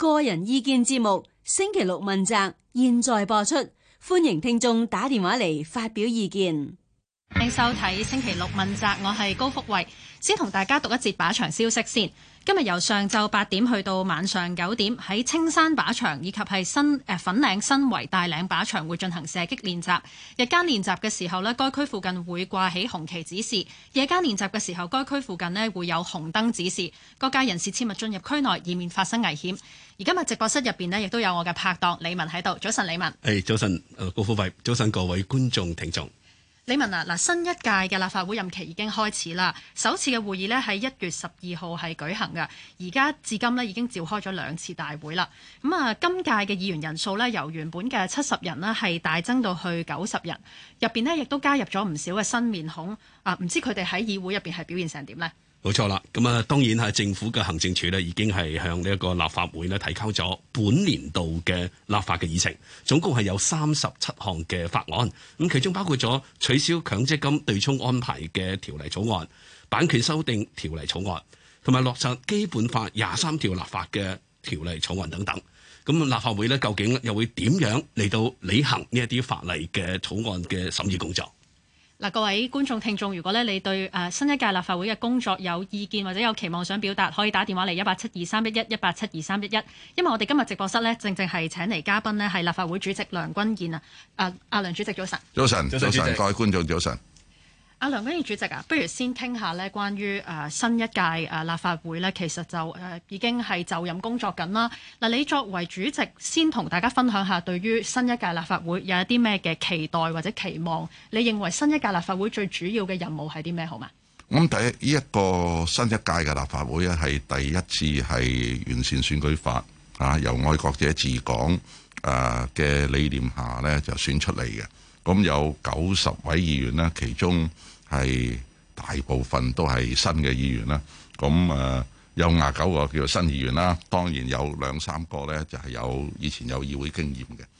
個人意見節目星期六問責，現在播出，歡迎聽眾打電話嚟發表意見。請收睇星期六問責，我係高福慧，先同大家讀一節靶場消息先。今日由上晝八點去到晚上九點，喺青山靶場以及係新誒、呃、粉嶺新圍大嶺靶場會進行射擊練習。日間練習嘅時候呢，該區附近會掛起紅旗指示，夜間練習嘅時候，該區附近呢會有紅燈指示，各界人士切勿進入區內，以免發生危險。而今日直播室入邊呢，亦都有我嘅拍檔李文喺度。早晨，李文。誒，hey, 早晨，誒，高福慧，早晨各位觀眾聽眾。李文啊，嗱新一屆嘅立法會任期已經開始啦，首次嘅會議呢喺一月十二號係舉行㗎，而家至今呢已經召開咗兩次大會啦。咁啊，今屆嘅議員人數呢，由原本嘅七十人呢，係大增到去九十人，入面呢，亦都加入咗唔少嘅新面孔啊，唔知佢哋喺議會入面係表現成點呢？冇錯啦，咁啊當然係政府嘅行政處呢已經係向呢一個立法會呢提交咗本年度嘅立法嘅議程，總共係有三十七項嘅法案，咁其中包括咗取消強積金對沖安排嘅條例草案、版權修訂條例草案，同埋落實基本法廿三條立法嘅條例草案等等。咁立法會呢究竟又會點樣嚟到履行呢一啲法例嘅草案嘅審議工作？嗱，各位觀眾、聽眾，如果咧你對誒新一屆立法會嘅工作有意見或者有期望想表達，可以打電話嚟一八七二三一一一八七二三一一。因為我哋今日直播室咧，正正係請嚟嘉賓咧，係立法會主席梁君彥啊。誒，阿梁主席早晨。早晨，早晨，各位觀眾早晨。阿梁君彥主席啊，不如先傾下咧，關於誒新一屆誒立法會咧，其實就誒已經係就任工作緊啦。嗱，你作為主席，先同大家分享下對於新一屆立法會有一啲咩嘅期待或者期望？你認為新一屆立法會最主要嘅任務係啲咩好嘛？咁第一，呢一個新一屆嘅立法會咧，係第一次係完善選舉法啊，由愛國者治港誒嘅理念下咧就選出嚟嘅。咁有九十位議員啦，其中係大部分都係新嘅議員啦，咁誒有廿九個叫做新議員啦，當然有兩三個呢就係有以前有議會經驗嘅。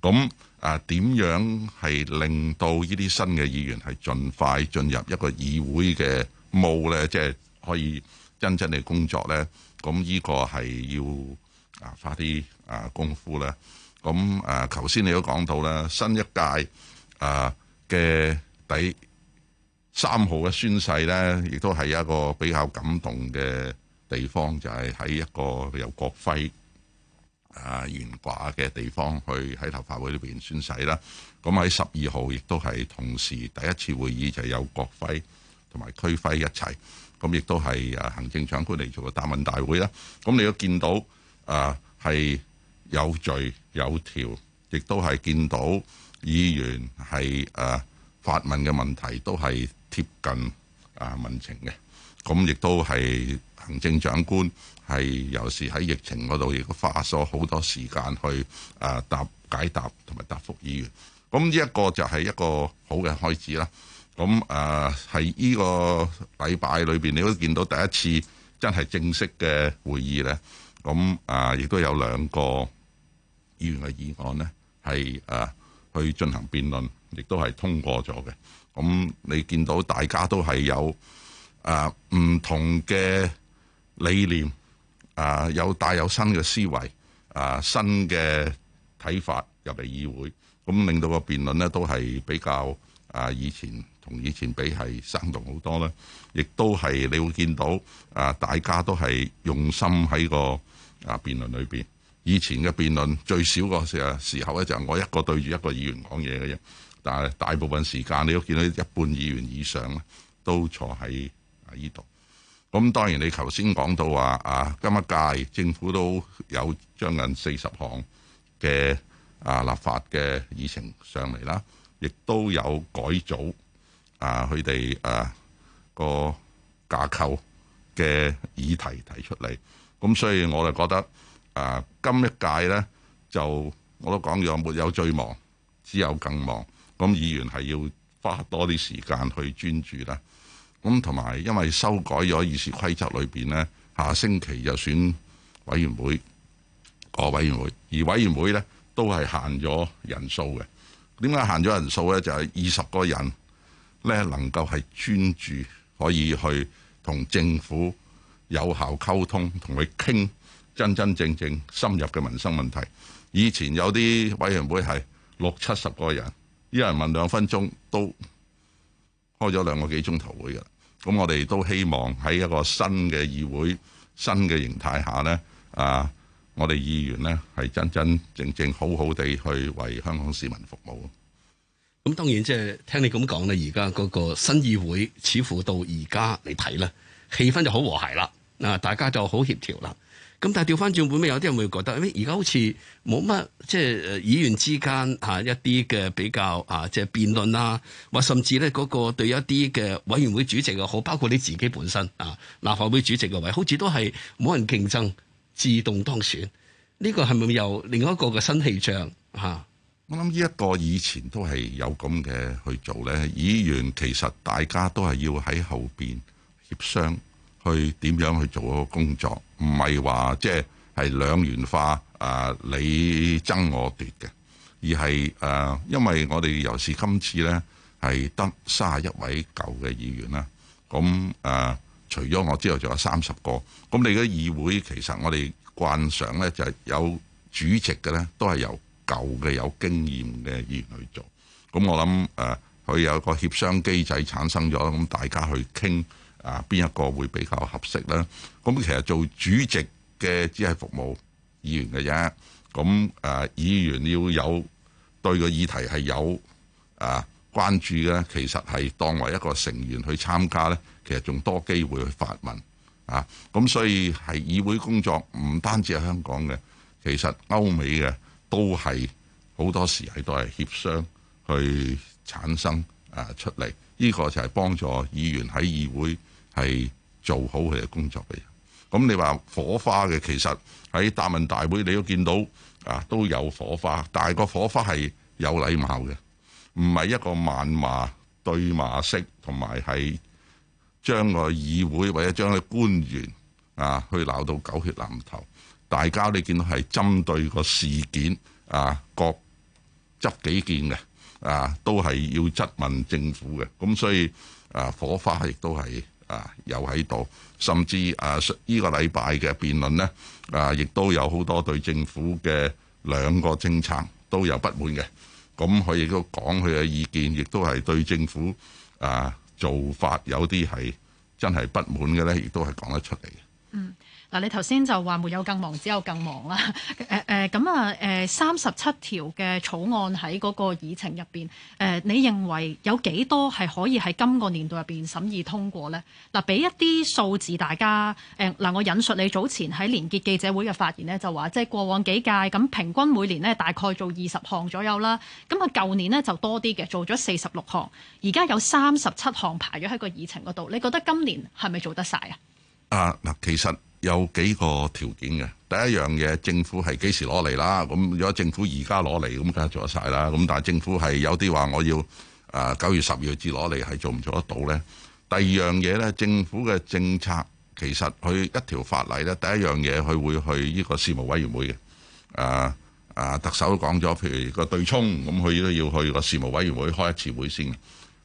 咁誒點樣係令到呢啲新嘅議員係盡快進入一個議會嘅務呢？即係可以真正地工作呢？咁呢個係要啊花啲啊功夫呢。咁誒頭先你都講到啦，新一屆啊嘅底。三號嘅宣誓呢，亦都係一個比較感動嘅地方，就係、是、喺一個有國徽啊懸掛嘅地方去喺立法會呢邊宣誓啦。咁、嗯、喺十二號亦都係同時第一次會議，就是、有國徽同埋區徽一齊，咁、嗯、亦都係、啊、行政長官嚟做嘅答問大會啦。咁、嗯、你都見到啊，係有序有條，亦都係見到議員係誒、啊、發問嘅問題都係。貼近啊民情嘅，咁亦都係行政長官係有時喺疫情嗰度亦都花咗好多時間去啊答解答同埋答覆議員，咁呢一個就係一個好嘅開始啦。咁啊喺呢個禮拜裏邊，你都見到第一次真係正，正式嘅會議咧。咁啊亦都有兩個議員嘅議案咧，係啊去進行辯論，亦都係通過咗嘅。咁你見到大家都係有啊唔同嘅理念啊，有帶有新嘅思維啊，新嘅睇法入嚟議會，咁令到個辯論咧都係比較啊以前同以前比係生動好多咧，亦都係你會見到啊大家都係用心喺個啊辯論裏邊。以前嘅辯論最少個時時候咧就係、是、我一個對住一個議員講嘢嘅啫。但係大部分時間，你都見到一半議員以上都坐喺啊依度。咁當然，你頭先講到話啊，今一屆政府都有將近四十項嘅啊立法嘅議程上嚟啦，亦都有改組啊佢哋啊個架構嘅議題提出嚟。咁所以我就覺得啊，今一屆呢，就我都講咗，沒有最忙，只有更忙。咁，議員係要花多啲時間去專注啦。咁同埋，因為修改咗議事規則裏面呢，呢下星期就選委員會個、哦、委員會，而委員會呢都係限咗人數嘅。點解限咗人數呢？就係二十個人呢能夠係專注可以去同政府有效溝通，同佢傾真真正正深入嘅民生問題。以前有啲委員會係六七十個人。一人問兩分鐘都開咗兩個幾鐘頭會嘅，咁我哋都希望喺一個新嘅議會、新嘅形態下咧，啊，我哋議員咧係真真正正好好地去為香港市民服務。咁當然即係聽你咁講咧，而家嗰個新議會似乎到而家嚟睇咧，氣氛就好和諧啦，啊，大家就好協調啦。咁但係調翻轉會咩？有啲人會覺得，誒，而家好似冇乜即係議員之間吓一啲嘅比較啊，即係辯論啦，或甚至咧嗰個對一啲嘅委員會主席又好，包括你自己本身啊，立法會主席個位，好似都係冇人競爭，自動當選。呢個係咪又另一個嘅新氣象吓，我諗呢一個以前都係有咁嘅去做咧，議員其實大家都係要喺後邊協商。去點樣去做個工作？唔係話即係兩元化啊、呃，你爭我奪嘅，而係誒、呃，因為我哋尤其是今次呢係得三十一位舊嘅議員啦。咁、嗯、誒、呃，除咗我之外，仲有三十個。咁、嗯、你嘅議會其實我哋慣常呢就係、有主席嘅呢，都係由舊嘅有經驗嘅議員去做。咁、嗯、我諗誒，佢、呃、有個協商機制產生咗，咁大家去傾。啊，邊一個會比較合適呢？咁其實做主席嘅只係服務議員嘅啫。咁啊，議員要有對個議題係有啊關注嘅，其實係當為一個成員去參加呢，其實仲多機會去發問啊。咁所以係議會工作唔單止係香港嘅，其實歐美嘅都係好多時係都係協商去產生啊出嚟。呢個就係幫助議員喺議會。係做好佢嘅工作嘅人，咁你話火花嘅其實喺答問大會，你都見到啊都有火花，但係個火花係有禮貌嘅，唔係一個謾罵對罵式，同埋係將個議會或者將個官員啊去鬧到狗血淋頭。大家你見到係針對個事件啊，各執己見嘅啊，都係要質問政府嘅，咁所以啊火花亦都係。啊，又喺度，甚至啊，呢個禮拜嘅辯論呢，啊，亦都有好多對政府嘅兩個政策都有不滿嘅，咁佢亦都講佢嘅意見，亦都係對政府啊做法有啲係真係不滿嘅呢，亦都係講得出嚟嘅。嗯。嗱、啊，你頭先就話沒有更忙，只有更忙啦。誒、啊、誒，咁啊誒、啊，三十七條嘅草案喺嗰個議程入邊，誒、啊，你認為有幾多係可以喺今個年度入邊審議通過呢？嗱、啊，俾一啲數字，大家誒嗱、啊，我引述你早前喺連結記者會嘅發言呢，就話即係過往幾屆咁平均每年呢大概做二十項左右啦。咁啊，舊年呢就多啲嘅，做咗四十六項，而家有三十七項排咗喺個議程嗰度。你覺得今年係咪做得晒？啊？啊嗱，其實。有幾個條件嘅，第一樣嘢政府係幾時攞嚟啦？咁如果政府而家攞嚟，咁梗係做得晒啦。咁但係政府係有啲話我要誒九月十月至攞嚟，係做唔做得到呢？第二樣嘢呢，政府嘅政策其實佢一條法例呢。第一樣嘢佢會去呢個事務委員會嘅。誒、啊、誒，特首都講咗，譬如個對沖，咁佢都要去個事務委員會開一次會先。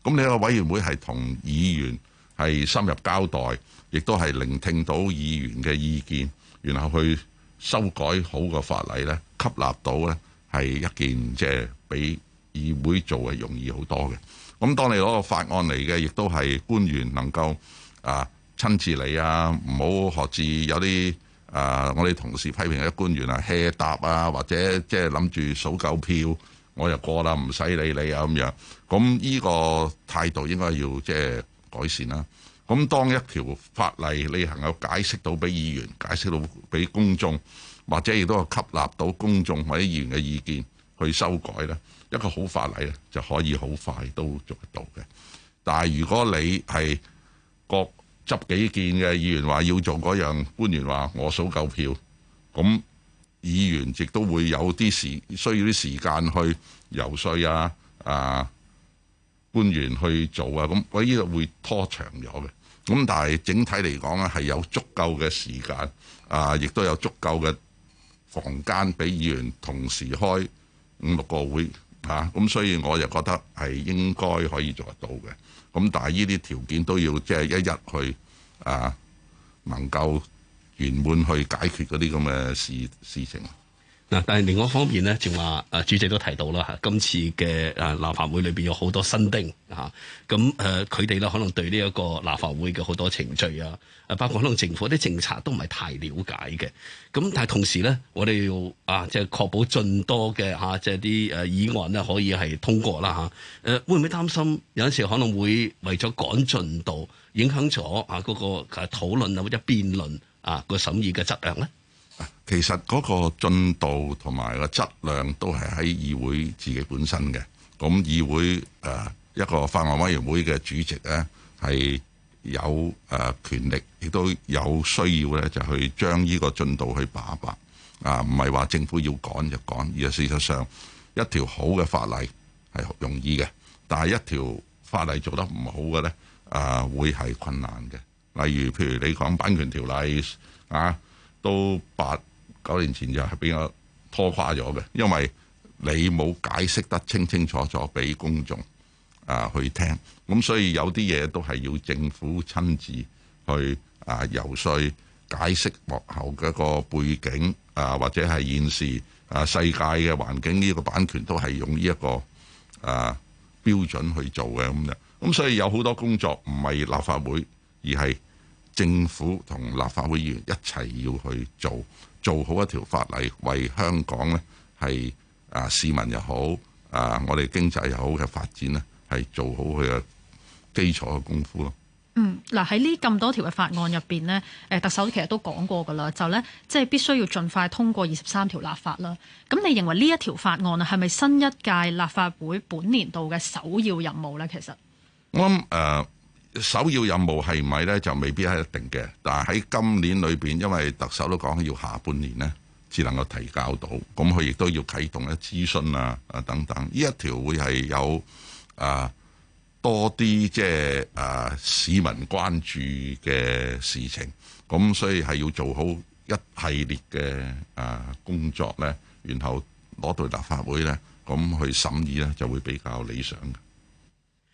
咁你個委員會係同議員。係深入交代，亦都係聆聽到議員嘅意見，然後去修改好個法例呢，吸納到呢，係一件即係、就是、比議會做係容易好多嘅。咁當你嗰個法案嚟嘅，亦都係官員能夠啊親自嚟啊，唔好學至有啲啊我哋同事批評嘅官員啊 hea 答啊，或者即係諗住數夠票我就過啦，唔使理你啊咁樣。咁呢個態度應該要即係。就是改善啦，咁當一條法例你能夠解釋到俾議員，解釋到俾公眾，或者亦都係吸納到公眾或者議員嘅意見去修改啦。一個好法例咧就可以好快都做得到嘅。但係如果你係各執己見嘅議員話要做嗰樣，官員話我數夠票，咁議員亦都會有啲時需要啲時間去遊說啊啊！官員去做啊，咁我呢個會拖長咗嘅。咁但係整體嚟講咧，係有足夠嘅時間啊，亦都有足夠嘅房間俾議員同時開五六個會啊。咁所以我就覺得係應該可以做得到嘅。咁但係呢啲條件都要即係一日去啊，能夠圓滿去解決嗰啲咁嘅事事情。嗱，但係另外一方面咧，仲話誒，主席都提到啦嚇，今次嘅誒立法會裏邊有好多新丁嚇，咁誒佢哋咧可能對呢一個立法會嘅好多程序啊，誒包括可能政府啲政策都唔係太了解嘅，咁但係同時咧，我哋要啊，即係確保盡多嘅嚇，即係啲誒議案咧可以係通過啦嚇，誒會唔會擔心有陣時可能會為咗趕進度，影響咗啊嗰個誒討論啊或者辯論啊個審議嘅質量咧？其實嗰個進度同埋個質量都係喺議會自己本身嘅。咁議會誒、呃、一個法案委員會嘅主席呢，係有誒、呃、權力，亦都有需要呢，就去將呢個進度去把一把。啊、呃，唔係話政府要趕就趕，而事實上一條好嘅法例係容易嘅，但係一條法例做得唔好嘅呢，誒、呃、會係困難嘅。例如，譬如你講版權條例啊。都八九年前就係比較拖垮咗嘅，因為你冇解釋得清清楚楚俾公眾啊去聽，咁所以有啲嘢都係要政府親自去啊遊說解釋幕後嘅一個背景啊，或者係現時啊世界嘅環境呢個版權都係用呢一個啊標準去做嘅，咁樣，咁所以有好多工作唔係立法會，而係。政府同立法會議員一齊要去做做好一條法例，為香港呢係啊市民又好啊我哋經濟又好嘅發展呢係做好佢嘅基礎嘅功夫咯。嗯，嗱喺呢咁多條嘅法案入邊呢，誒特首其實都講過㗎喇，就呢即係必須要盡快通過二十三條立法啦。咁你認為呢一條法案啊係咪新一屆立法會本年度嘅首要任務呢？其實我諗誒。嗯，呃首要任務係咪呢？就未必係一定嘅。但係喺今年裏邊，因為特首都講要下半年呢，只能夠提交到。咁佢亦都要啟動一諮詢啊啊等等。呢一條會係有啊多啲即係市民關注嘅事情。咁所以係要做好一系列嘅啊工作呢，然後攞到立法會呢，咁去審議呢，就會比較理想的。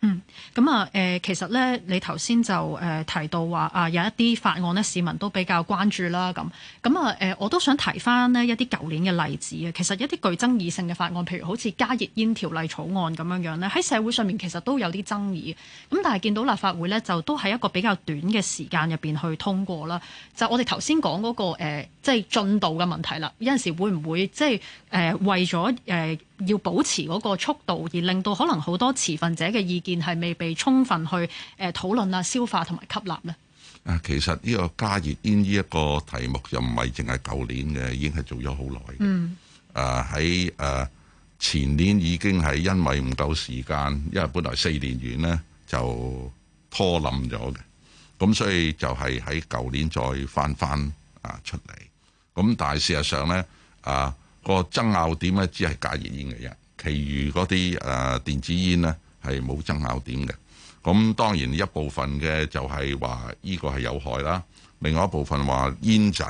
嗯，咁啊，誒、呃，其實咧，你頭先就誒、呃、提到話啊，有一啲法案咧，市民都比較關注啦，咁，咁、呃、啊，誒我都想提翻咧一啲舊年嘅例子啊。其實一啲具爭議性嘅法案，譬如好似加熱煙條例草案咁樣樣咧，喺社會上面其實都有啲爭議，咁但係見到立法會咧，就都係一個比較短嘅時間入邊去通過啦。就我哋頭先講嗰個誒、呃，即係進度嘅問題啦。有陣時候會唔會即係誒、呃、為咗誒、呃、要保持嗰個速度而令到可能好多持份者嘅意見。係未被充分去誒討論啊、消化同埋吸納呢啊。其實呢個加熱煙呢一個題目又唔係淨係舊年嘅，已經係做咗好耐嘅。啊喺誒前年已經係因為唔夠時間，因為本來四年完呢就拖冧咗嘅，咁所以就係喺舊年再翻翻啊出嚟。咁但係事實上呢啊、嗰個爭拗點呢，只係加熱煙嘅啫，其餘嗰啲誒電子煙呢。係冇爭拗點嘅，咁當然一部分嘅就係話呢個係有害啦，另外一部分話煙仔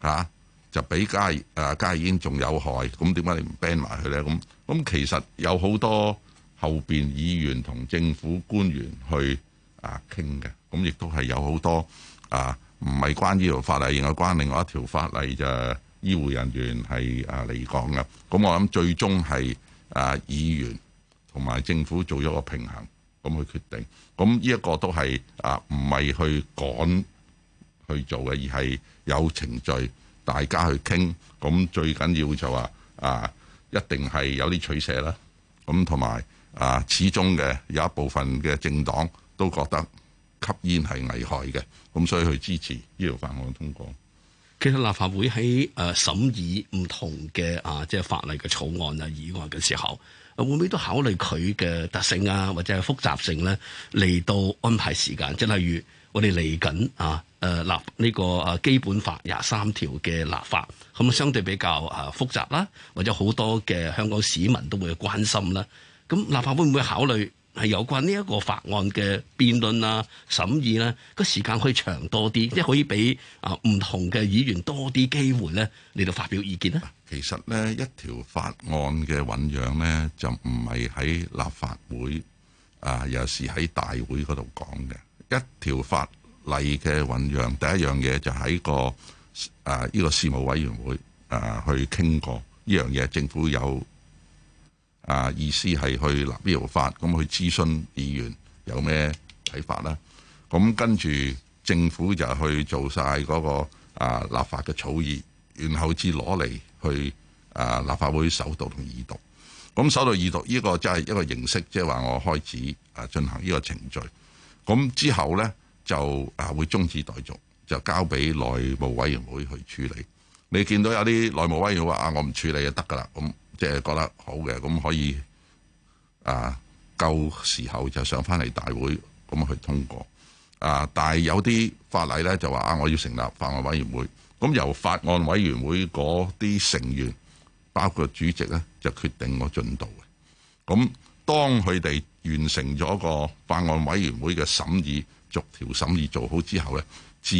吓、啊，就比加啊加熱煙仲有害，咁點解你唔 ban 埋佢呢？咁咁其實有好多後面議員同政府官員去的啊傾嘅，咁亦都係有好多啊唔係關呢條法例，而係關另外一條法例就醫護人員係啊嚟講嘅，咁我諗最終係啊議員。同埋政府做咗個平衡，咁去決定，咁呢一個都係啊，唔係去趕去做嘅，而係有程序大家去傾，咁最緊要就話啊，一定係有啲取捨啦。咁同埋啊，始終嘅有一部分嘅政黨都覺得吸煙係危害嘅，咁所以去支持呢條法案通過。其實立法會喺誒審議唔同嘅啊，即係法例嘅草案啊、議案嘅時候，會唔會都考慮佢嘅特性啊，或者係複雜性咧嚟到安排時間？即係例如我哋嚟緊啊，誒立呢個啊基本法廿三條嘅立法，咁相對比較啊複雜啦，或者好多嘅香港市民都會關心啦。咁立法會會唔會考慮？係有關呢一個法案嘅辯論啊、審議咧、啊，個時間可以長多啲，即係可以俾啊唔同嘅議員多啲機會呢嚟到發表意見咧。其實呢，一條法案嘅醖釀呢，就唔係喺立法會啊，有時喺大會嗰度講嘅。一條法例嘅醖釀，第一樣嘢就係個啊呢、呢個事務委員會啊去傾過呢樣嘢，政府有。啊！意思係去立 b i 法，咁去諮詢議員有咩睇法啦。咁跟住政府就去做晒嗰個啊立法嘅草擬，然後至攞嚟去啊立法會首讀同二讀。咁首讀二讀呢個就係一個形式，即係話我開始啊進行呢個程序。咁之後咧就啊會中止待續，就交俾內務委員會去處理。你見到有啲內務委員話啊，我唔處理就得㗎啦咁。即係覺得好嘅，咁可以啊夠時候就上翻嚟大會咁去通過啊，但係有啲法例呢，就話啊，我要成立法案委員會，咁由法案委員會嗰啲成員，包括主席呢，就決定個進度嘅。咁當佢哋完成咗個法案委員會嘅審議、逐條審議做好之後呢，至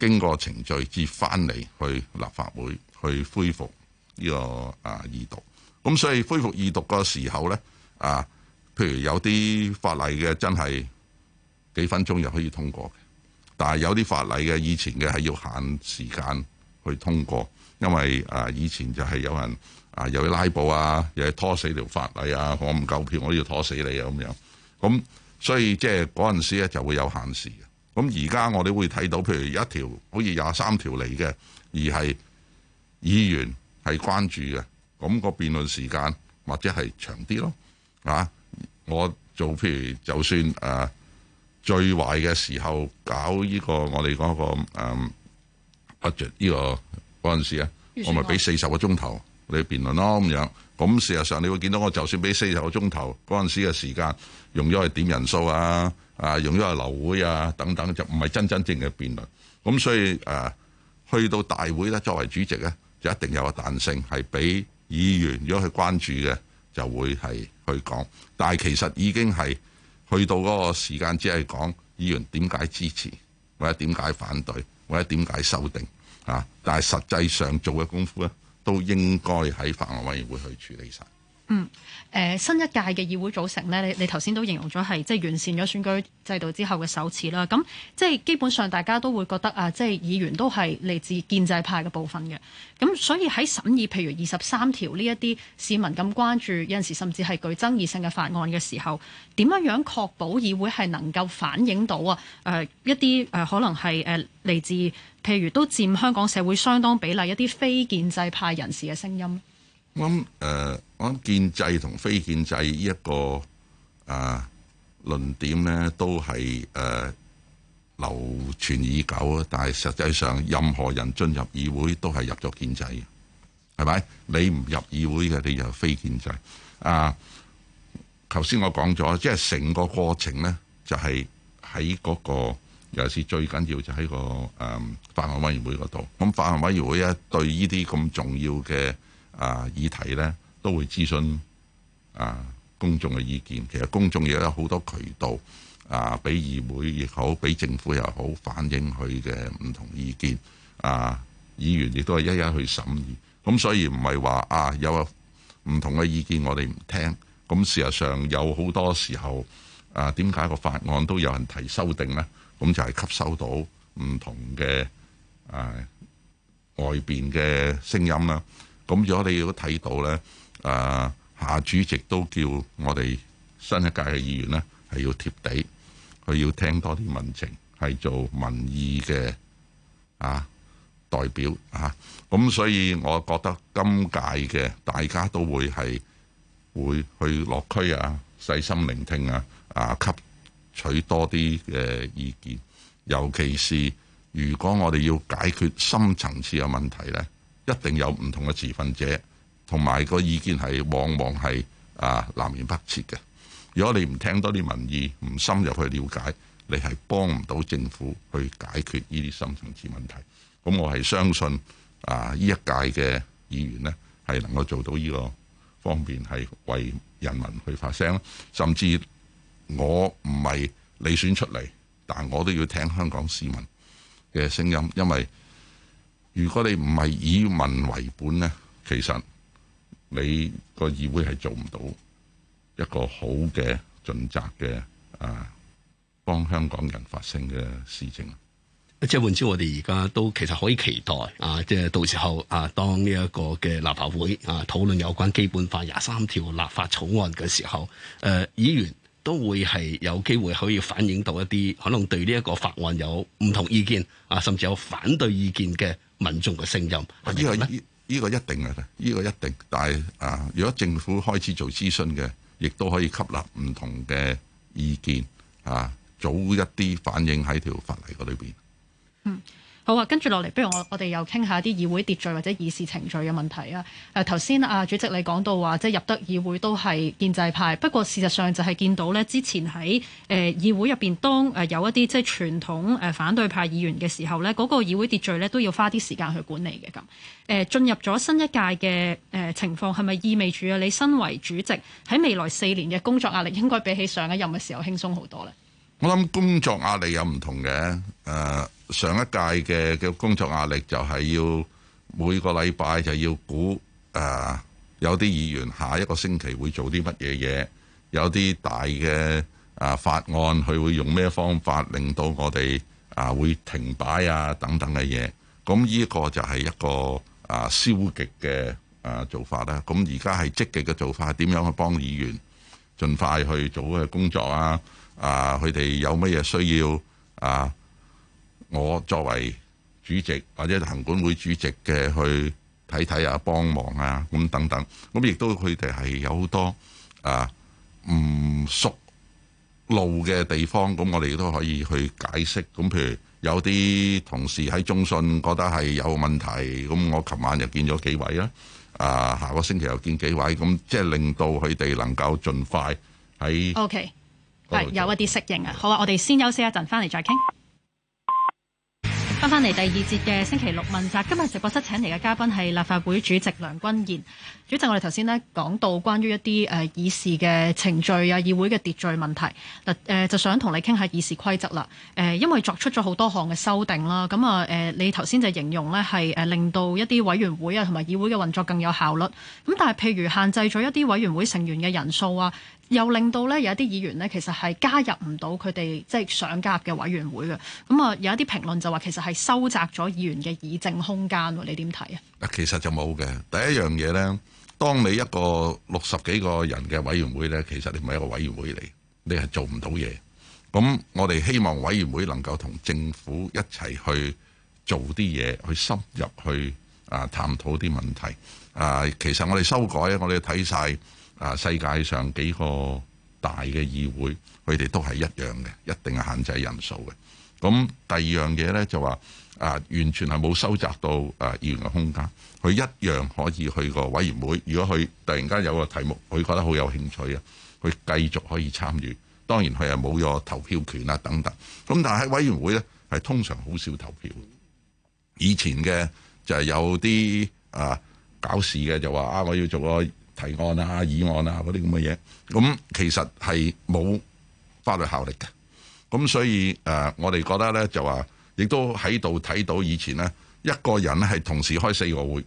經過程序至翻嚟去立法會去恢復。呢個啊二讀，咁所以恢復二讀個時候呢，啊，譬如有啲法例嘅真係幾分鐘就可以通過，但係有啲法例嘅以前嘅係要限時間去通過，因為啊以前就係有人啊又要拉布啊，又要拖死條法例啊，我唔夠票，我都要拖死你啊咁樣，咁所以即係嗰陣時呢就會有限時嘅。咁而家我哋會睇到，譬如一條好似廿三條嚟嘅，而係議員。係關注嘅，咁、嗰個辯論時間或者係長啲咯，啊！我做譬如就算、啊、最壞嘅時候搞呢、呢個我哋嗰、嗰個誒 budget 呢個嗰陣時啊，呢個、時是我咪俾四十個鐘頭你辯論咯咁樣。咁事實上你會見到，我就算俾四十個鐘頭嗰陣時嘅時，時間，用咗係點人數啊，啊，用咗係流會啊等等，就唔係真真正嘅辯論。咁所以、啊、去到大會咧，作為主席咧。就一定有個彈性，係俾議員如果佢關注嘅，就會係去講。但係其實已經係去到嗰個時間，只係講議員點解支持，或者點解反對，或者點解修訂啊。但係實際上做嘅功夫咧，都應該喺法案委員會去處理晒。嗯，誒、呃、新一屆嘅議會組成咧，你你頭先都形容咗係即係完善咗選舉制度之後嘅首次啦。咁即係基本上大家都會覺得啊，即係議員都係嚟自建制派嘅部分嘅。咁所以喺審議譬如二十三條呢一啲市民咁關注有陣時甚至係具爭議性嘅法案嘅時候，點樣樣確保議會係能夠反映到啊誒、呃、一啲誒、呃、可能係誒嚟自譬如都佔香港社會相當比例一啲非建制派人士嘅聲音？我諗我建制同非建制呢一個啊論點咧，都係誒流傳已久啊。但係實際上，任何人進入議會都係入咗建制嘅，係咪？你唔入議會嘅，你就非建制啊。頭先我講咗，即係成個過程呢、那個，就係喺嗰個尤其是最緊要就喺個誒法案委員會嗰度。咁法案委員會咧對呢啲咁重要嘅。啊，議題呢都會諮詢啊公眾嘅意見。其實公眾亦都有好多渠道啊，俾議會亦好，俾政府又好，反映佢嘅唔同意見。啊，議員亦都係一一去審議。咁所以唔係話啊有唔同嘅意見，我哋唔聽。咁事實上有好多時候啊，點解個法案都有人提修訂呢？咁就係吸收到唔同嘅、啊、外邊嘅聲音啦。咁如果你都睇到呢，啊，夏主席都叫我哋新一屆嘅議員呢，係要貼地，佢要聽多啲民情，係做民意嘅啊代表啊，咁所以，我覺得今屆嘅大家都會，係會去落區啊，細心聆聽啊，啊，吸取多啲嘅意見，尤其是如果我哋要解決深層次嘅問題呢。一定有唔同嘅持份者，同埋個意見係往往係啊南轅北轍嘅。如果你唔聽多啲民意，唔深入去了解，你係幫唔到政府去解決呢啲深層次問題，咁我係相信啊呢一屆嘅議員呢，係能夠做到呢個方面係為人民去發聲，甚至我唔係你選出嚟，但我都要聽香港市民嘅聲音，因為。如果你唔係以民為本咧，其實你個議會係做唔到一個好嘅盡責嘅啊，幫香港人發聲嘅事情。即係換之，我哋而家都其實可以期待啊，即、就、係、是、到時候啊，當呢一個嘅立法會啊討論有關基本法廿三條立法草案嘅時候，誒、啊、議員都會係有機會可以反映到一啲可能對呢一個法案有唔同意見啊，甚至有反對意見嘅。民眾嘅聲音，呢個一、呢個一定嘅，呢個一定。但係啊，如果政府開始做諮詢嘅，亦都可以吸納唔同嘅意見啊，早一啲反映喺條法例嗰裏邊。嗯。好啊，跟住落嚟，不如我我哋又傾下啲議會秩序或者議事程序嘅問題啊。頭先阿主席你講到話，即係入得議會都係建制派，不過事實上就係見到呢之前喺誒、呃、議會入邊，當有一啲即係傳統反對派議員嘅時候呢嗰、嗰個議會秩序呢都要花啲時間去管理嘅咁。誒、呃，進入咗新一屆嘅、呃、情況，係咪意味住啊？你身為主席喺未來四年嘅工作壓力，應該比起上一任嘅時候輕鬆好多呢？我諗工作壓力有唔同嘅上一屆嘅嘅工作壓力就係要每個禮拜就要估，誒，有啲議員下一個星期會做啲乜嘢嘢，有啲大嘅啊法案佢會用咩方法令到我哋啊會停擺啊等等嘅嘢，咁呢個就係一個啊消極嘅啊做法啦。咁而家係積極嘅做法，點樣去幫議員盡快去做嘅工作啊？啊，佢哋有乜嘢需要啊？我作為主席或者行管會主席嘅，去睇睇啊、幫忙啊，咁等等。咁亦都佢哋係有好多啊唔熟路嘅地方，咁我哋都可以去解釋。咁譬如有啲同事喺中信覺得係有問題，咁我琴晚又見咗幾位啦，啊，下個星期又見幾位，咁即係令到佢哋能夠盡快喺。OK，係有一啲適應啊。好啊，我哋先休息一陣，翻嚟再傾。翻翻嚟第二節嘅星期六問責，今日直播室請嚟嘅嘉賓係立法會主席梁君彥主席我。我哋頭先呢講到關於一啲誒、呃、議事嘅程序啊，議會嘅秩序問題嗱，誒、呃，就想同你傾下議事規則啦。誒、呃，因為作出咗好多項嘅修訂啦，咁啊誒、呃，你頭先就形容呢係誒令到一啲委員會啊同埋議會嘅運作更有效率咁，但係譬如限制咗一啲委員會成員嘅人數啊。又令到咧有一啲議員呢，其實係加入唔到佢哋即係想加入嘅委員會嘅。咁啊，有一啲評論就話其實係收窄咗議員嘅議政空間喎。你點睇啊？其實就冇嘅。第一樣嘢呢，當你一個六十幾個人嘅委員會呢，其實你唔係一個委員會嚟，你係做唔到嘢。咁我哋希望委員會能夠同政府一齊去做啲嘢，去深入去啊，探討啲問題。啊，其實我哋修改，我哋睇晒。啊！世界上幾個大嘅議會，佢哋都係一樣嘅，一定係限制人數嘅。咁第二樣嘢呢，就話啊，完全係冇收集窄到啊議員嘅空間，佢一樣可以去個委員會。如果佢突然間有個題目，佢覺得好有興趣啊，佢繼續可以參與。當然佢係冇咗投票權啊等等。咁但係喺委員會呢，係通常好少投票的。以前嘅就係、是、有啲啊搞事嘅就話啊，我要做個，提案啊、議案啊嗰啲咁嘅嘢，咁其實係冇法律效力嘅，咁所以誒、呃，我哋覺得呢，就話，亦都喺度睇到以前呢，一個人呢係同時開四個會，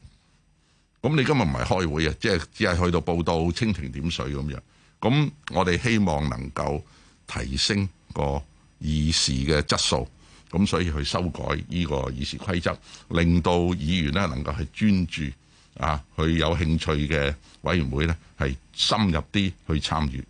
咁你今日唔係開會啊，即係只係去到報到、蜻蜓點水咁樣，咁我哋希望能夠提升個議事嘅質素，咁所以去修改呢個議事規則，令到議員呢能夠去專注。啊，佢有興趣嘅委員會咧，係深入啲去參與。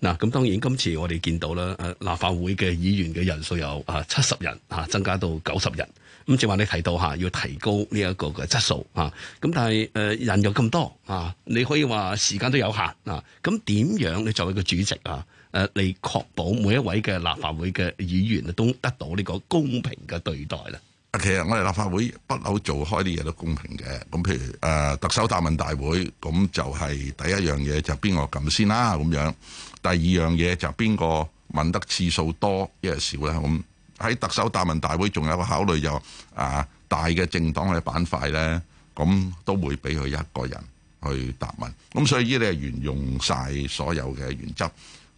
嗱、啊，咁當然今次我哋見到啦，誒立法會嘅議員嘅人數有啊七十人，啊增加到九十人。咁正話你提到嚇、啊，要提高呢一個嘅質素啊。咁但係誒、啊、人又咁多啊，你可以話時間都有限啊。咁點樣你作為一個主席啊，誒、啊、嚟確保每一位嘅立法會嘅議員都得到呢個公平嘅對待咧？其實我哋立法會不嬲做開啲嘢都公平嘅。咁譬如誒、呃、特首答問大會，咁就係第一樣嘢就邊個撳先啦咁樣。第二樣嘢就邊個問得次數多一係少咧？咁喺特首答問大會仲有個考慮就是、啊，大嘅政黨嘅板塊咧，咁都會俾佢一個人去答問。咁所以呢啲係沿用晒所有嘅原則。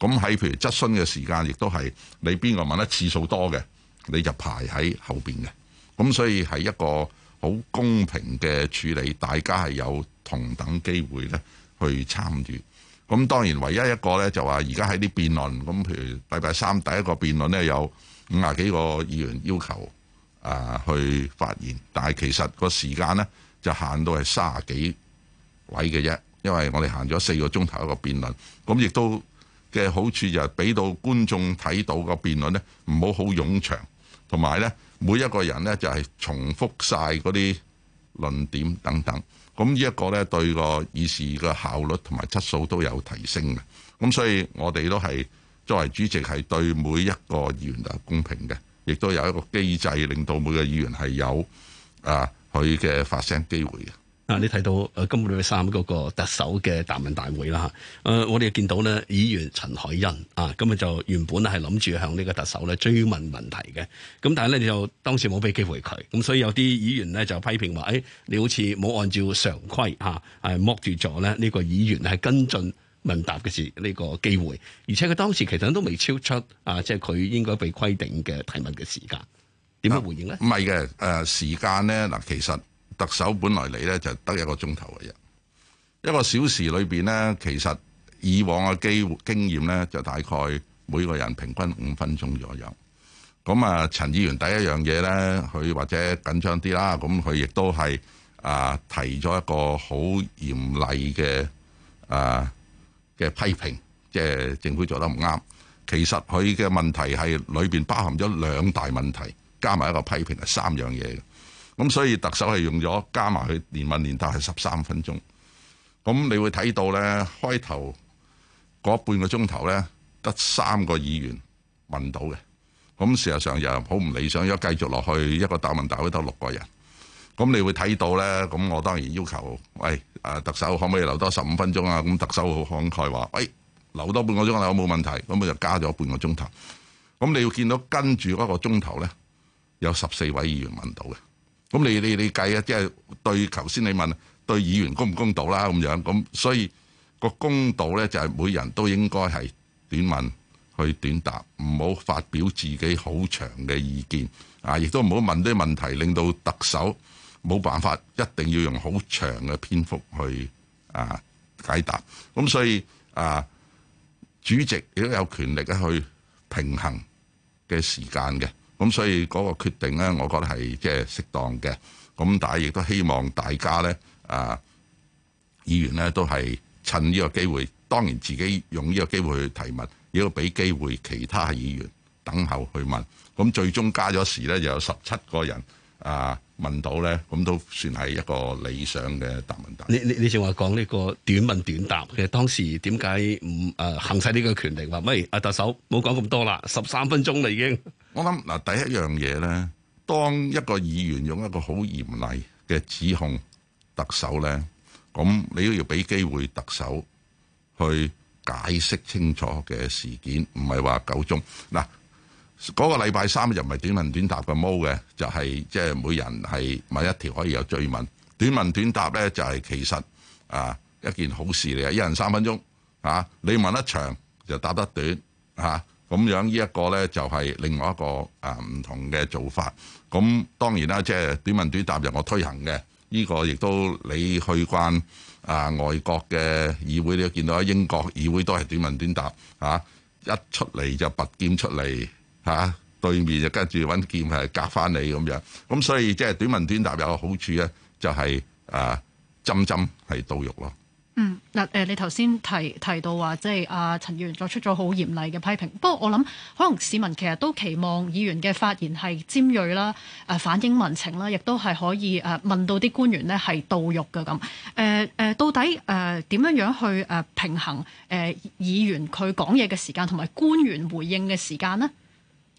咁喺譬如質詢嘅時間，亦都係你邊個問得次數多嘅，你就排喺後邊嘅。咁所以係一個好公平嘅處理，大家係有同等機會咧去參與。咁當然唯一一個咧就話而家喺啲辯論，咁譬如禮拜三第一個辯論咧有五十幾個議員要求啊去發言，但係其實個時間咧就限到係卅幾位嘅啫，因為我哋行咗四個鐘頭一個辯論，咁亦都嘅好處就係俾到觀眾睇到個辯論咧，唔好好冗長，同埋咧。每一個人呢，就係重複晒嗰啲論點等等，咁呢一個呢，對個議事嘅效率同埋質素都有提升嘅，咁所以我哋都係作為主席係對每一個議員都公平嘅，亦都有一個機制令到每個議員係有啊佢嘅發聲機會嘅。啊！你睇到今日三嗰個特首嘅答問大會啦、啊、我哋見到呢議員陳海欣啊，咁咪就原本係諗住向呢個特首咧追問問題嘅。咁但係咧，你就當時冇俾機會佢。咁所以有啲議員咧就批評話、哎：，你好似冇按照常規嚇，係剝奪咗咧呢個議員係跟進問答嘅事呢個機會。而且佢當時其實都未超出啊，即係佢應該被規定嘅提問嘅時間。點樣回應咧？唔係嘅，誒、呃、時間咧嗱，其實特首本嚟嚟咧就得一個鐘頭嘅，啫。一個小時裏邊呢，其實以往嘅機會經驗咧就大概每個人平均五分鐘左右。咁啊，陳議員第一樣嘢呢，佢或者緊張啲啦，咁佢亦都係啊提咗一個好嚴厲嘅啊嘅批評，即係政府做得唔啱。其實佢嘅問題係裏邊包含咗兩大問題，加埋一個批評係三樣嘢。咁所以特首係用咗加埋佢連問連答係十三分鐘。咁你會睇到咧，開頭嗰半個鐘頭咧，得三個議員問到嘅。咁事實上又好唔理想，如果繼續落去一個答問大會得六個人。咁你會睇到咧，咁我當然要求，喂，誒特首可唔可以留多十五分鐘啊？咁特首好慷慨話，喂，留多半個鐘頭冇問題。咁就加咗半個鐘頭。咁你要見到跟住嗰個鐘頭咧，有十四位議員問到嘅。咁你你你計啊，即係對頭先你問對議員公唔公道啦咁樣，咁所以個公道呢，就係每人都應該係短問去短答，唔好發表自己好長嘅意見啊！亦都唔好問啲問題，令到特首冇辦法，一定要用好長嘅篇幅去啊解答。咁所以啊，主席亦都有權力去平衡嘅時間嘅。咁所以嗰個決定咧，我覺得係即係適當嘅。咁但係亦都希望大家咧，啊，議員咧都係趁呢個機會，當然自己用呢個機會去提問，亦都俾機會其他議員等候去問。咁最終加咗時咧，就有十七個人啊問到咧，咁都算係一個理想嘅答問答案你。你你你仲話講呢個短問短答，其實當時點解唔誒行使呢個權力話喂，阿特首冇講咁多啦，十三分鐘啦已經。我諗嗱，第一樣嘢咧，當一個議員用一個好嚴厲嘅指控特首咧，咁你都要俾機會特首去解釋清楚嘅事件，唔係話九宗嗱，嗰個禮拜三又唔係短問短答嘅毛嘅，就係即係每人係問一條可以有追問。短問短答咧就係其實啊一件好事嚟嘅，一人三分鐘啊，你問得長就答得短啊。咁樣呢一，這個呢，就係另外一個唔，啊、同嘅做法。咁、啊、當然啦，即、就、係、是、短問短答由我推行嘅。呢，這個亦都你去慣誒、啊、外國嘅議會，你都見到喺英國議會都係短問短答，啊、一出嚟就拔劍出嚟嚇、啊，對面就跟住揾劍係夾翻你咁樣。咁、啊、所以即係、就是、短問短答有個好處呢就係誒針針係到肉咯。嗯，嗱，誒，你頭先提提到話，即係阿陳議員作出咗好嚴厲嘅批評。不過我諗，可能市民其實都期望議員嘅發言係尖銳啦，誒、啊，反映民情啦，亦都係可以誒、啊、問到啲官員呢係到肉嘅咁。誒誒、啊啊，到底誒點樣樣去誒平衡誒議員佢講嘢嘅時間同埋官員回應嘅時間呢？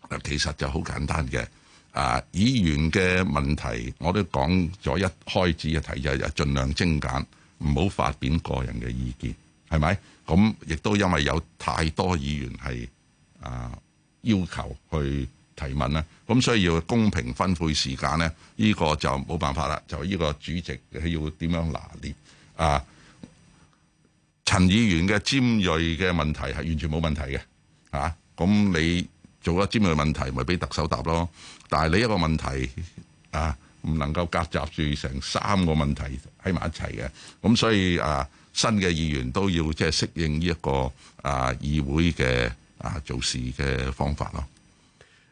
嗱，其實就好簡單嘅，啊，議員嘅、啊、問題我都講咗一開始嘅題就盡、是、量精簡。唔好發表個人嘅意見，係咪？咁亦都因為有太多議員係啊要求去提問啦，咁、啊、所以要公平分配時間呢，呢個就冇辦法啦，就呢個主席係要點樣拿捏啊？陳議員嘅尖鋭嘅問題係完全冇問題嘅，啊！咁你做咗尖鋭問題咪俾特首答咯？但係你一個問題啊！唔能夠夾雜住成三個問題喺埋一齊嘅，咁所以啊，新嘅議員都要即係適應呢一個啊議會嘅啊做事嘅方法咯。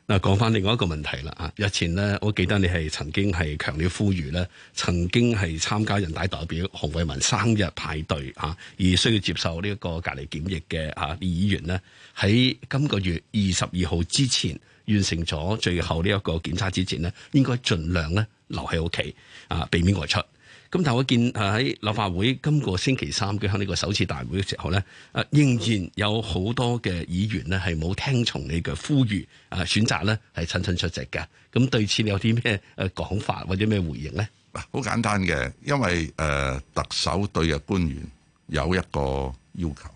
嗱，講翻另外一個問題啦啊！日前呢，我記得你係曾經係強烈呼籲咧，曾經係參加人大代表洪為民生日派對啊，而需要接受呢一個隔離檢疫嘅啊議員呢，喺今個月二十二號之前完成咗最後呢一個檢測之前呢，應該儘量咧。留喺屋企啊，避免外出。咁但係我見喺立法會今個星期三舉行呢個首次大會嘅時候咧，啊仍然有好多嘅議員呢係冇聽從你嘅呼籲啊，選擇咧係親親出席嘅。咁對此你有啲咩誒講法或者咩回應咧？好簡單嘅，因為誒、呃、特首對嘅官員有一個要求，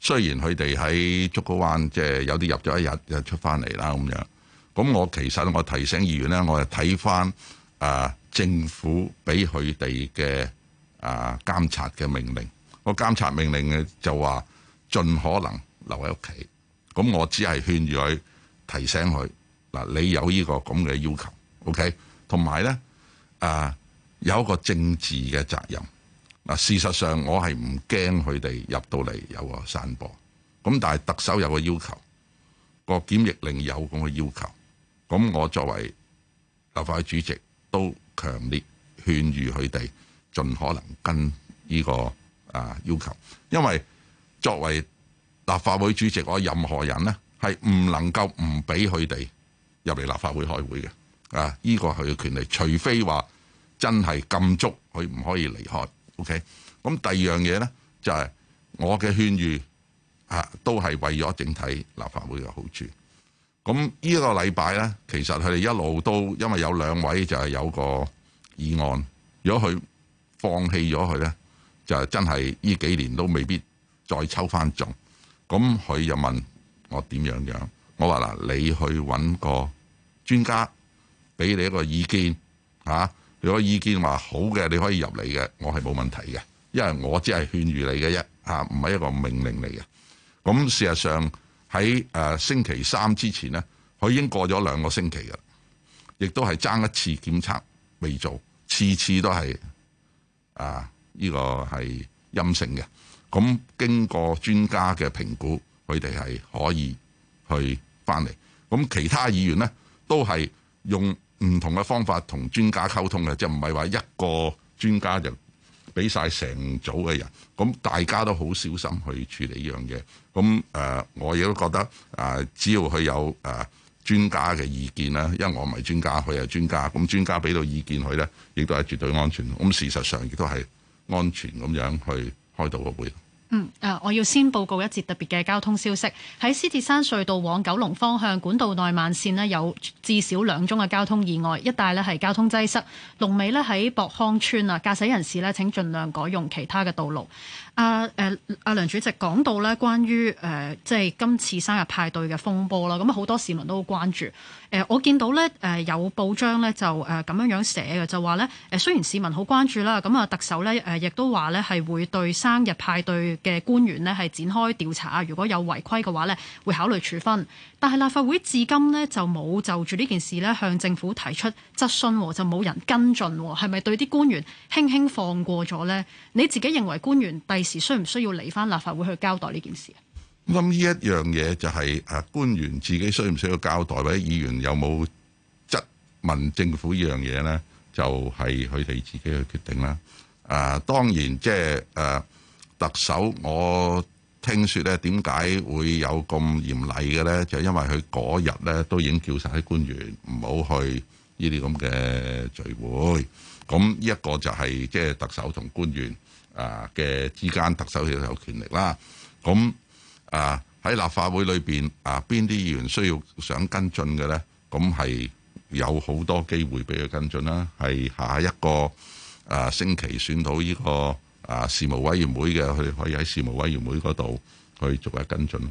雖然佢哋喺竹篙灣即係、就是、有啲入咗一日就出翻嚟啦咁樣。咁我其實我提醒議員咧，我係睇翻。啊！政府俾佢哋嘅啊監察嘅命令，個監察命令咧就話盡可能留喺屋企。咁我只係勸住佢，提醒佢嗱，你有呢個咁嘅要求，OK？同埋咧啊，有一個政治嘅責任嗱。事實上我係唔驚佢哋入到嚟有個散播咁，但係特首有個要求，個檢疫令有咁嘅要求，咁我作為立法會主席。都強烈勸喻佢哋盡可能跟呢個啊要求，因為作為立法會主席，我任何人呢係唔能夠唔俾佢哋入嚟立法會開會嘅啊！呢個係佢嘅權利，除非話真係禁足，佢唔可以離開。OK，咁第二樣嘢呢，就係、是、我嘅勸喻啊，都係為咗整體立法會嘅好處。咁呢個禮拜呢，其實佢哋一路都因為有兩位就係有個議案，如果佢放棄咗佢呢，就真係呢幾年都未必再抽翻中。咁佢又問我點樣樣？我話嗱，你去揾個專家俾你一個意見啊！如果意見話好嘅，你可以入嚟嘅，我係冇問題嘅，因為我只係勸喻你嘅啫，吓唔係一個命令嚟嘅。咁事實上。喺誒星期三之前呢，佢已經過咗兩個星期㗎，亦都係爭一次檢測未做，次次都係啊，呢個係陰性嘅。咁經過專家嘅評估，佢哋係可以去翻嚟。咁其他議員呢，都係用唔同嘅方法同專家溝通嘅，即係唔係話一個專家就。俾晒成組嘅人，咁大家都好小心去處理呢樣嘢。咁誒、呃，我亦都覺得誒、呃，只要佢有誒、呃、專家嘅意見啦，因為我唔係專家，佢係專家，咁專家俾到意見佢呢亦都係絕對安全。咁事實上亦都係安全咁樣去開到個會。嗯，誒，我要先報告一節特別嘅交通消息。喺獅子山隧道往九龍方向管道內慢線呢，有至少兩宗嘅交通意外，一帶呢係交通擠塞，龍尾呢喺博康村啊，駕駛人士呢請盡量改用其他嘅道路。阿誒阿梁主席講到咧，關於誒、呃、即係今次生日派對嘅風波啦，咁啊好多市民都好關注。誒、呃、我見到咧誒、呃、有報章咧就誒咁樣樣寫嘅，就話咧誒雖然市民好關注啦，咁啊特首咧誒亦都話咧係會對生日派對嘅官員呢，係展開調查啊，如果有違規嘅話咧會考慮處分。但係立法會至今呢，就冇就住呢件事咧向政府提出質詢，就冇人跟進，係咪對啲官員輕輕放過咗咧？你自己認為官員第是需唔需要嚟返立法會去交代呢件事啊？咁呢一樣嘢就係誒官員自己需唔需要交代，或者議員有冇質問政府呢樣嘢咧，就係佢哋自己去決定啦。誒、呃，當然即係誒特首，我聽說咧，點解會有咁嚴厲嘅咧？就是、因為佢嗰日咧都已經叫晒啲官員唔好去呢啲咁嘅聚會。咁一個就係、是、即係特首同官員。啊嘅之間，特首佢有權力啦。咁啊喺、啊、立法會裏邊啊，邊啲議員需要想跟進嘅呢？咁、啊、係有好多機會俾佢跟進啦。係下一個啊星期選到呢、呢個啊事務委員會嘅，佢可以喺事務委員會嗰度去做一跟進咯。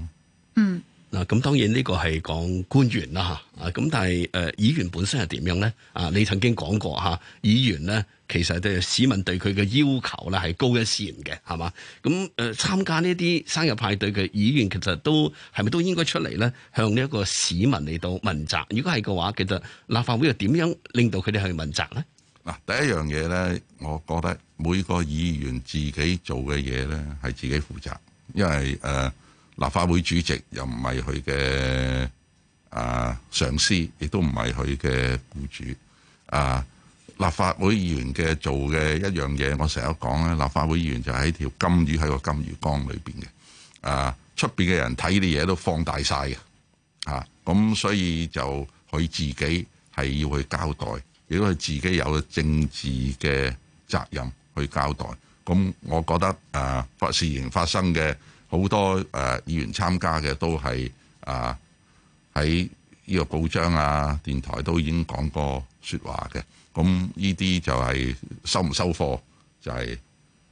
嗯。嗱，咁當然呢個係講官員啦嚇，啊咁但係誒議員本身係點樣咧？啊，你曾經講過嚇，議員咧其實對市民對佢嘅要求咧係高一線嘅，係嘛？咁誒參加呢啲生日派對嘅議員，其實都係咪都應該出嚟咧，向呢一個市民嚟到問責？如果係嘅話，其實立法會又點樣令到佢哋去問責咧？嗱，第一樣嘢咧，我覺得每個議員自己做嘅嘢咧係自己負責，因為誒。呃立法會主席又唔係佢嘅上司，亦都唔係佢嘅僱主啊。立法會議員嘅做嘅一樣嘢，我成日講咧，立法會議員就喺一條金魚喺個金魚缸裏邊嘅啊。出邊嘅人睇啲嘢都放大晒嘅啊，咁所以就佢自己係要去交代，亦都係自己有政治嘅責任去交代。咁我覺得啊，不自然發生嘅。好多誒議員參加嘅都係啊，喺呢個報章啊、電台都已經講過說話嘅，咁呢啲就係收唔收貨就係、是、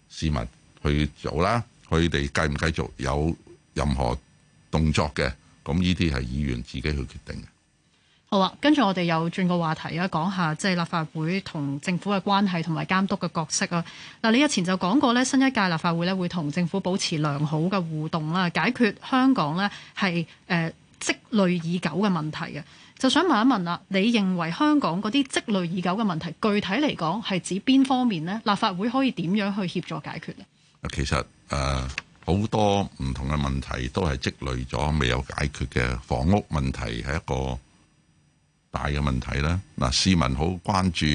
市民去做啦，佢哋繼唔繼續有任何動作嘅，咁呢啲係議員自己去決定嘅。好啊，跟住我哋又轉個話題啊，講下即係立法會同政府嘅關係同埋監督嘅角色啊。嗱，你日前就講過咧，新一屆立法會咧會同政府保持良好嘅互動啦，解決香港咧係誒積累已久嘅問題。就想問一問啦，你認為香港嗰啲積累已久嘅問題，具體嚟講係指邊方面呢？立法會可以點樣去協助解決呢？其實誒好多唔同嘅問題都係積累咗未有解決嘅，房屋問題係一個大嘅問題啦，嗱，市民好關注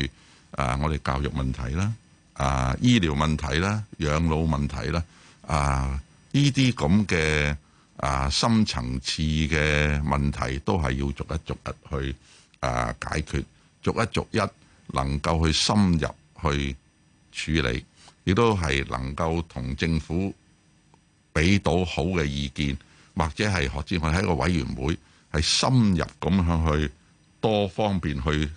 啊，我哋教育問題啦，啊醫療問題啦，養老問題啦，啊呢啲咁嘅啊深層次嘅問題都係要逐一逐一去啊解決，逐一逐一能夠去深入去處理，亦都係能夠同政府俾到好嘅意見，或者係學者們喺一個委員會係深入咁樣去。多方面去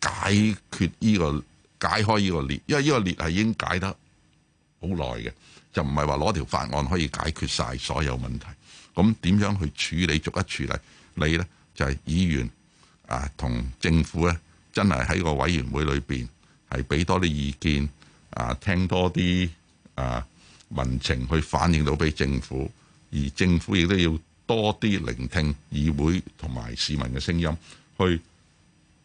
解決呢、這個解開呢個列，因為呢個列係已經解得好耐嘅，就唔係話攞條法案可以解決晒所有問題。咁點樣去處理？逐一處理。你呢就係、是、議員啊，同政府呢，真係喺個委員會裏邊係俾多啲意見啊，聽多啲啊民情去反映到俾政府，而政府亦都要多啲聆聽議會同埋市民嘅聲音。去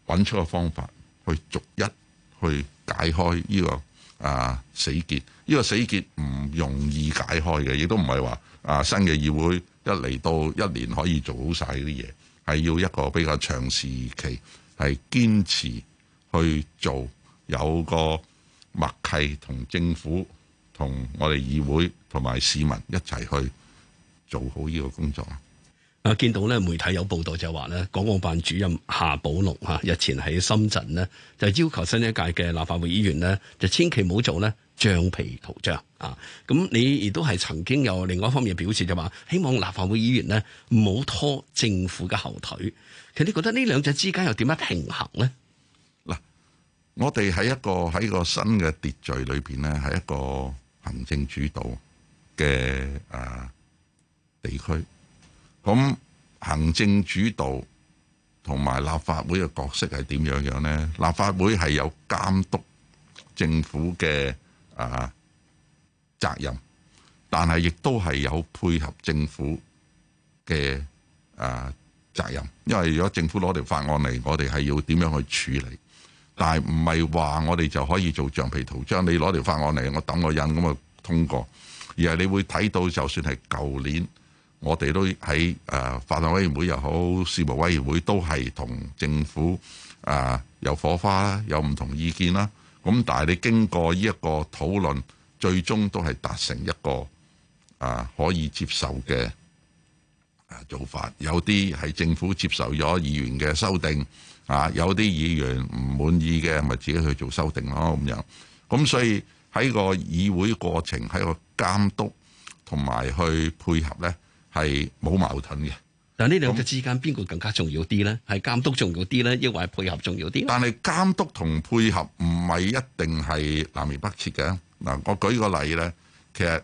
揾出個方法，去逐一去解開呢個啊死結。呢個死結唔容易解開嘅，亦都唔係話啊新嘅議會一嚟到一年可以做好晒啲嘢，係要一個比較長時期係堅持去做，有個默契同政府同我哋議會同埋市民一齊去做好呢個工作。啊！見到咧媒體有報道就話咧，港澳辦主任夏寶龍啊日前喺深圳呢就要求新一屆嘅立法會議員呢就千祈唔好做呢橡皮圖章啊！咁你亦都係曾經有另外一方面表示就話，希望立法會議員呢唔好拖政府嘅後腿。其實你覺得呢兩者之間又點樣平衡呢？嗱，我哋喺一個喺個新嘅秩序裏面，呢係一個行政主導嘅、呃、地區。咁行政主導同埋立法會嘅角色係點樣樣呢？立法會係有監督政府嘅啊責任，但係亦都係有配合政府嘅啊責任。因為如果政府攞條法案嚟，我哋係要點樣去處理？但係唔係話我哋就可以做橡皮圖章，你攞條法案嚟，我等我印咁去通過，而係你會睇到，就算係舊年。我哋都喺誒法案委員會又好，事務委員會都係同政府誒有火花啦，有唔同意見啦。咁但係你經過呢一個討論，最終都係達成一個啊可以接受嘅做法。有啲係政府接受咗議員嘅修訂啊，有啲議員唔滿意嘅，咪自己去做修訂咯。咁樣，咁所以喺個議會過程，喺個監督，同埋去配合咧。係冇矛盾嘅，但呢兩個之間邊個更加重要啲咧？係監督重要啲咧，抑或配合重要啲？但係監督同配合唔係一定係南轅北轍嘅。嗱、啊，我舉個例咧，其實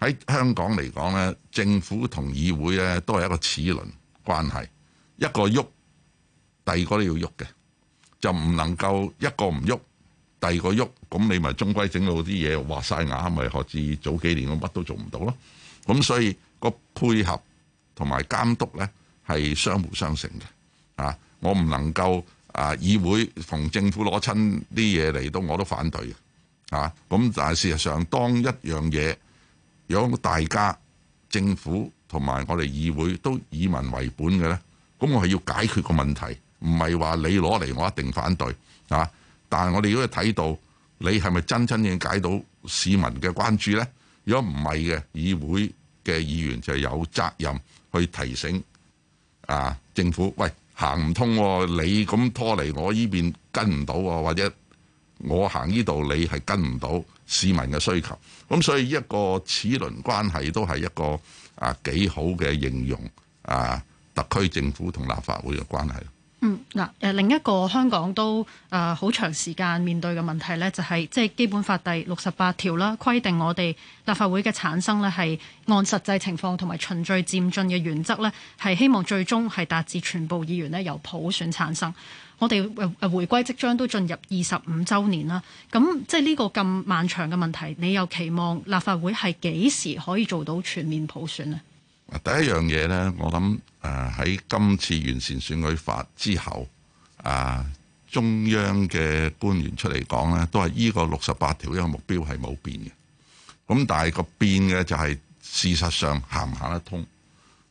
喺香港嚟講咧，政府同議會咧都係一個齒輪關係，一個喐，第二個都要喐嘅，就唔能夠一個唔喐，第二個喐，咁你咪終歸整到啲嘢滑晒牙，咪學至早幾年我乜都做唔到咯。咁所以。個配合同埋監督呢係相互相成嘅，啊！我唔能夠啊，議會同政府攞親啲嘢嚟，到我都反對啊！咁但係事實上，當一樣嘢，如果大家政府同埋我哋議會都以民為本嘅呢，咁我係要解決個問題，唔係話你攞嚟我一定反對，啊！但係我哋如果睇到你係咪真真正正解到市民嘅關注呢？如果唔係嘅，議會，嘅議員就有責任去提醒啊政府，喂，行唔通，哦，你咁拖嚟，我呢邊跟唔到啊，或者我行呢度，你係跟唔到市民嘅需求，咁所以一個齒輪關係都係一個啊幾好嘅形容啊，特區政府同立法會嘅關係。嗯，嗱，誒另一個香港都誒好長時間面對嘅問題呢，就係即係基本法第六十八條啦，規定我哋立法會嘅產生呢，係按實際情況同埋循序漸進嘅原則呢，係希望最終係達至全部議員呢，由普選產生。我哋回歸即將都進入二十五週年啦，咁即係呢個咁漫長嘅問題，你又期望立法會係幾時可以做到全面普選呢？第一樣嘢呢，我諗誒喺今次完善選舉法之後，啊中央嘅官員出嚟講呢，都係依個六十八條一個目標係冇變嘅。咁但係個變嘅就係事實上行唔行得通？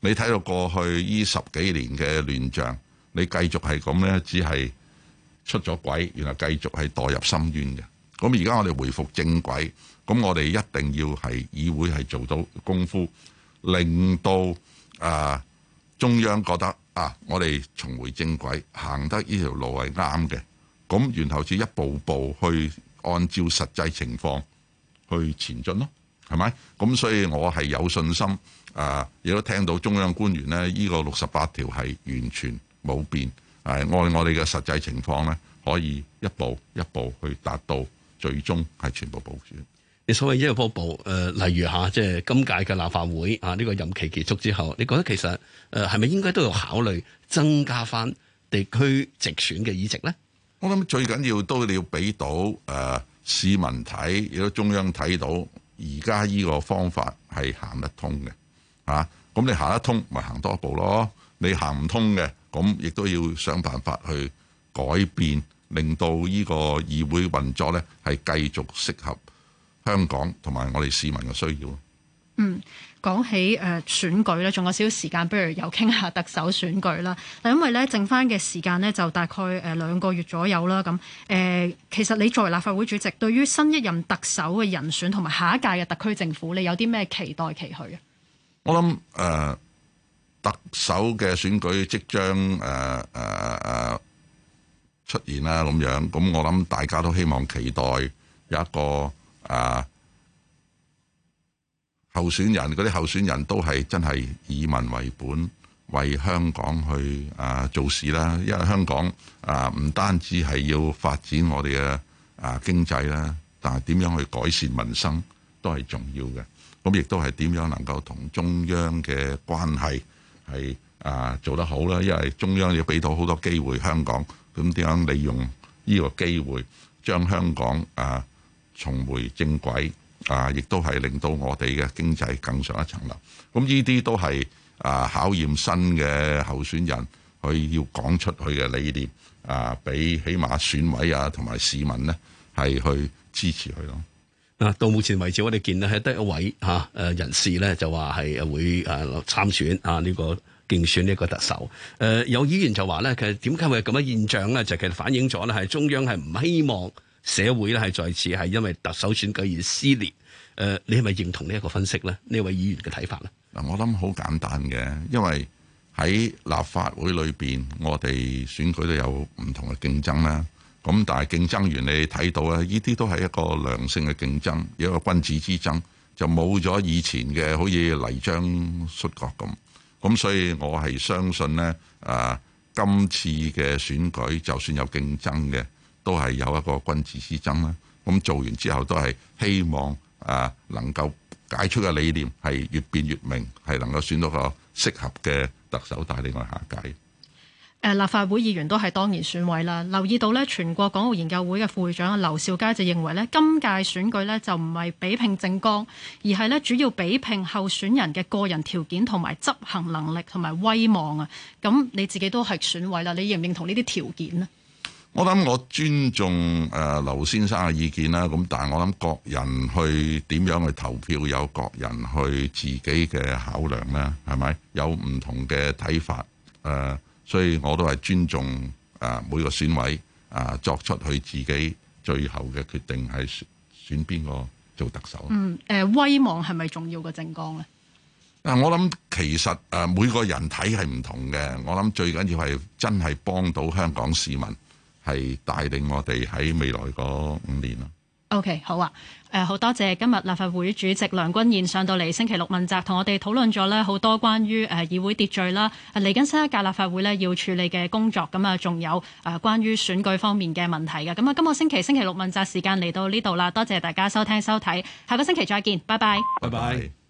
你睇到過去呢十幾年嘅亂象，你繼續係咁呢，只係出咗軌，然後繼續係墮入深淵嘅。咁而家我哋回復正軌，咁我哋一定要係議會係做到功夫。令到啊、呃、中央覺得啊，我哋重回正軌，行得呢條路係啱嘅。咁然後就一步步去按照實際情況去前進咯，係咪？咁所以我係有信心啊！亦、呃、都聽到中央官員呢，呢、這個六十八條係完全冇變，按、呃、我哋嘅實際情況呢，可以一步一步去達到最終係全部普選。你所謂一日一步，誒，例如嚇，即係今屆嘅立法會啊，呢個任期結束之後，你覺得其實誒係咪應該都要考慮增加翻地區直選嘅議席咧？我諗最緊要都要俾到誒市民睇，亦都中央睇到。而家依個方法係行得通嘅嚇，咁、啊、你行得通咪行多一步咯。你行唔通嘅咁，亦都要想辦法去改變，令到呢個議會運作咧係繼續適合。香港同埋我哋市民嘅需要。嗯，講起誒、呃、選舉咧，仲有少少時間，不如又傾下特首選舉啦。嗱，因為咧，剩返嘅時間呢，就大概誒、呃、兩個月左右啦。咁、呃、誒，其實你作為立法會主席，對於新一任特首嘅人選同埋下一屆嘅特區政府，你有啲咩期待期許啊？我諗誒、呃，特首嘅選舉即將誒誒誒出現啦，咁樣咁，我諗大家都希望期待有一個。啊，候選人嗰啲候選人都係真係以民為本，為香港去啊做事啦。因為香港啊，唔單止係要發展我哋嘅啊經濟啦，但係點樣去改善民生都係重要嘅。咁亦都係點樣能夠同中央嘅關係係啊做得好啦。因為中央要俾到好多機會香港，咁點樣利用呢個機會將香港啊重回正軌啊，亦都係令到我哋嘅經濟更上一層樓。咁呢啲都係啊，考驗新嘅候選人，佢要講出佢嘅理念啊，俾起碼選委啊同埋市民呢係去支持佢咯。啊，到目前為止我哋見到係得一位嚇誒、啊、人士呢，就話係會誒參選啊呢個競選呢個特首。誒、啊、有議員就話咧，其實點解會咁嘅現象咧，就其實反映咗咧係中央係唔希望。社會咧係再次係因為特首選舉而撕裂，誒，你係咪認同呢一個分析呢？呢位議員嘅睇法呢？嗱，我諗好簡單嘅，因為喺立法會裏邊，我哋選舉都有唔同嘅競爭啦。咁但係競爭完，你睇到咧，呢啲都係一個良性嘅競爭，一個君子之爭，就冇咗以前嘅好似泥漿摔角咁。咁所以我係相信呢，啊、呃，今次嘅選舉就算有競爭嘅。都係有一個君子之爭啦。咁做完之後，都係希望啊能夠解出嘅理念係越變越明，係能夠選到一個適合嘅特首帶領去下屆、呃。立法會議員都係當然選委啦。留意到呢，全國港澳研究會嘅副會長劉兆佳就認為呢，今屆選舉呢就唔係比拼政綱，而係呢主要比拼候選人嘅個人條件同埋執行能力同埋威望啊。咁你自己都係選委啦，你認唔認同呢啲條件咧？我諗我尊重誒劉先生嘅意見啦，咁但係我諗各人去點樣去投票有各人去自己嘅考量啦，係咪有唔同嘅睇法？誒，所以我都係尊重誒每個選委啊作出佢自己最後嘅決定係選選邊個做特首。嗯，誒威望係咪重要嘅政綱咧？誒，我諗其實誒每個人睇係唔同嘅，我諗最緊要係真係幫到香港市民。係帶領我哋喺未來嗰五年 OK，好啊。呃、好多謝今日立法會主席梁君彥上到嚟星期六問責，同我哋討論咗呢好多關於議會秩序啦，嚟緊新一屆立法會呢，要處理嘅工作，咁啊，仲有誒、啊、關於選舉方面嘅問題嘅。咁啊，今個星期星期六問責時間嚟到呢度啦，多謝大家收聽收睇，下個星期再見，拜拜，拜拜 bye。Bye bye